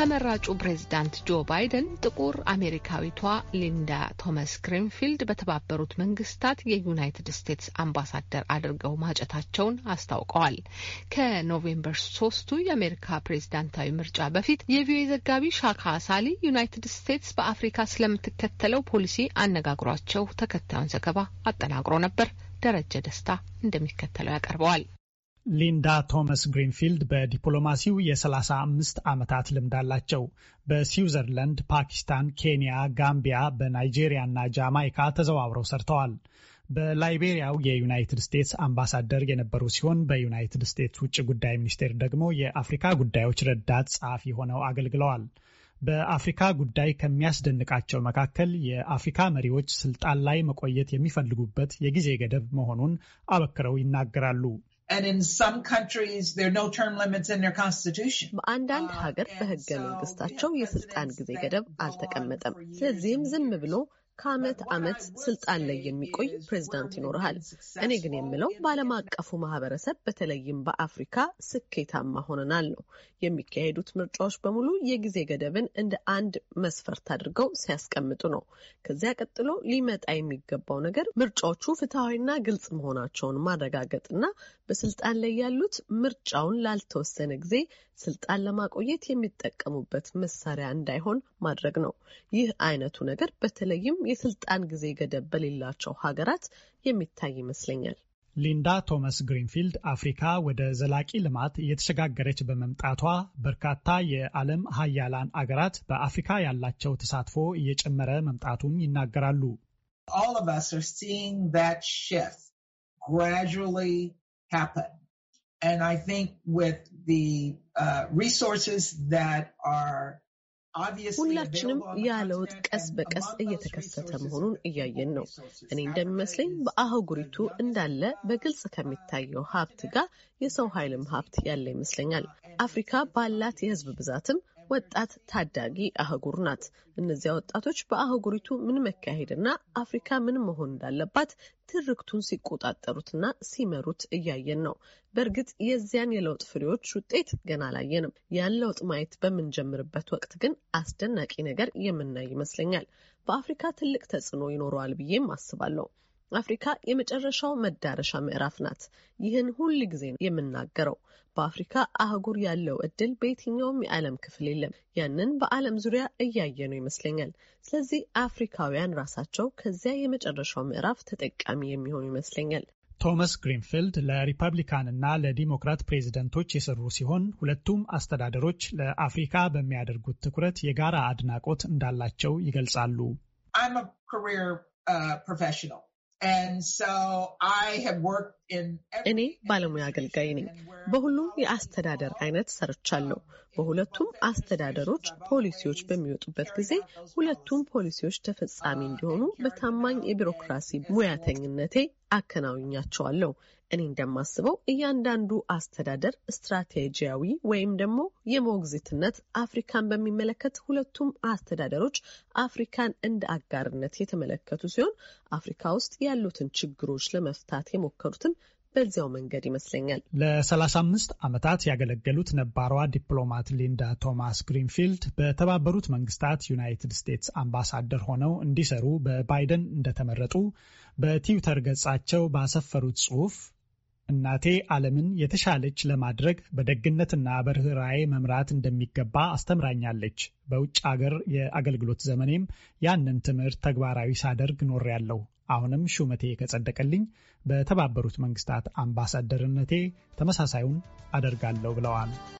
ተመራጩ ፕሬዝዳንት ጆ ባይደን ጥቁር አሜሪካዊቷ ሊንዳ ቶማስ ግሪንፊልድ በተባበሩት መንግስታት የዩናይትድ ስቴትስ አምባሳደር አድርገው ማጨታቸውን አስታውቀዋል። ከኖቬምበር ሶስቱ የአሜሪካ ፕሬዝዳንታዊ ምርጫ በፊት የቪኦኤ ዘጋቢ ሻካ ሳሊ ዩናይትድ ስቴትስ በአፍሪካ ስለምትከተለው ፖሊሲ አነጋግሯቸው ተከታዩን ዘገባ አጠናቅሮ ነበር። ደረጀ ደስታ እንደሚከተለው ያቀርበዋል። ሊንዳ ቶማስ ግሪንፊልድ በዲፕሎማሲው የ አምስት ዓመታት ልምድ አላቸው። በስዊዘርላንድ፣ ፓኪስታን፣ ኬንያ፣ ጋምቢያ፣ በናይጄሪያ እና ጃማይካ ተዘዋውረው ሰርተዋል። በላይቤሪያው የዩናይትድ ስቴትስ አምባሳደር የነበሩ ሲሆን በዩናይትድ ስቴትስ ውጭ ጉዳይ ሚኒስቴር ደግሞ የአፍሪካ ጉዳዮች ረዳት ጸሐፊ ሆነው አገልግለዋል። በአፍሪካ ጉዳይ ከሚያስደንቃቸው መካከል የአፍሪካ መሪዎች ስልጣን ላይ መቆየት የሚፈልጉበት የጊዜ ገደብ መሆኑን አበክረው ይናገራሉ። በአንዳንድ ሀገር በህገ መንግስታቸው የስልጣን ጊዜ ገደብ አልተቀመጠም። ስለዚህም ዝም ብሎ ከአመት አመት ስልጣን ላይ የሚቆይ ፕሬዝዳንት ይኖርሃል። እኔ ግን የምለው በዓለም አቀፉ ማህበረሰብ በተለይም በአፍሪካ ስኬታማ ሆነናል ነው። የሚካሄዱት ምርጫዎች በሙሉ የጊዜ ገደብን እንደ አንድ መስፈርት አድርገው ሲያስቀምጡ ነው። ከዚያ ቀጥሎ ሊመጣ የሚገባው ነገር ምርጫዎቹ ፍትሐዊና ግልጽ መሆናቸውን ማረጋገጥና በስልጣን ላይ ያሉት ምርጫውን ላልተወሰነ ጊዜ ስልጣን ለማቆየት የሚጠቀሙበት መሳሪያ እንዳይሆን ማድረግ ነው። ይህ አይነቱ ነገር በተለይም የስልጣን ጊዜ ገደብ በሌላቸው ሀገራት የሚታይ ይመስለኛል። ሊንዳ ቶማስ ግሪንፊልድ አፍሪካ ወደ ዘላቂ ልማት እየተሸጋገረች በመምጣቷ በርካታ የዓለም ሀያላን አገራት በአፍሪካ ያላቸው ተሳትፎ እየጨመረ መምጣቱን ይናገራሉ። And I think with the uh, resources that are ሁላችንም ያ ለውጥ ቀስ በቀስ እየተከሰተ መሆኑን እያየን ነው። እኔ እንደሚመስለኝ በአህጉሪቱ እንዳለ በግልጽ ከሚታየው ሀብት ጋር የሰው ኃይልም ሀብት ያለ ይመስለኛል። አፍሪካ ባላት የህዝብ ብዛትም ወጣት ታዳጊ አህጉር ናት። እነዚያ ወጣቶች በአህጉሪቱ ምን መካሄድና አፍሪካ ምን መሆን እንዳለባት ትርክቱን ሲቆጣጠሩትና ሲመሩት እያየን ነው። በእርግጥ የዚያን የለውጥ ፍሬዎች ውጤት ገና አላየንም። ያን ለውጥ ማየት በምንጀምርበት ወቅት ግን አስደናቂ ነገር የምናይ ይመስለኛል። በአፍሪካ ትልቅ ተጽዕኖ ይኖረዋል ብዬም አስባለሁ። አፍሪካ የመጨረሻው መዳረሻ ምዕራፍ ናት። ይህን ሁል ጊዜ የምናገረው በአፍሪካ አህጉር ያለው እድል በየትኛውም የዓለም ክፍል የለም። ያንን በዓለም ዙሪያ እያየነው ይመስለኛል። ስለዚህ አፍሪካውያን ራሳቸው ከዚያ የመጨረሻው ምዕራፍ ተጠቃሚ የሚሆኑ ይመስለኛል። ቶማስ ግሪንፊልድ ለሪፐብሊካንና ለዲሞክራት ፕሬዚደንቶች የሰሩ ሲሆን ሁለቱም አስተዳደሮች ለአፍሪካ በሚያደርጉት ትኩረት የጋራ አድናቆት እንዳላቸው ይገልጻሉ። uh, And so I have worked እኔ ባለሙያ አገልጋይ ነኝ። በሁሉም የአስተዳደር አይነት ሰርቻለሁ። በሁለቱም አስተዳደሮች ፖሊሲዎች በሚወጡበት ጊዜ ሁለቱም ፖሊሲዎች ተፈጻሚ uh, እንዲሆኑ በታማኝ የቢሮክራሲ ሙያተኝነቴ አከናውኛቸዋለሁ። እኔ እንደማስበው እያንዳንዱ አስተዳደር ስትራቴጂያዊ ወይም ደግሞ የሞግዚትነት አፍሪካን በሚመለከት ሁለቱም አስተዳደሮች አፍሪካን እንደ አጋርነት የተመለከቱ ሲሆን አፍሪካ ውስጥ ያሉትን ችግሮች ለመፍታት የሞከሩትን በዚያው መንገድ ይመስለኛል። ለሰላሳ አምስት ዓመታት ያገለገሉት ነባሯ ዲፕሎማት ሊንዳ ቶማስ ግሪንፊልድ በተባበሩት መንግስታት ዩናይትድ ስቴትስ አምባሳደር ሆነው እንዲሰሩ በባይደን እንደተመረጡ በትዊተር ገጻቸው ባሰፈሩት ጽሑፍ እናቴ ዓለምን የተሻለች ለማድረግ በደግነትና በርኅራዬ መምራት እንደሚገባ አስተምራኛለች። በውጭ አገር የአገልግሎት ዘመኔም ያንን ትምህርት ተግባራዊ ሳደርግ ኖሬያለሁ። አሁንም ሹመቴ ከጸደቀልኝ በተባበሩት መንግስታት አምባሳደርነቴ ተመሳሳዩን አደርጋለሁ ብለዋል።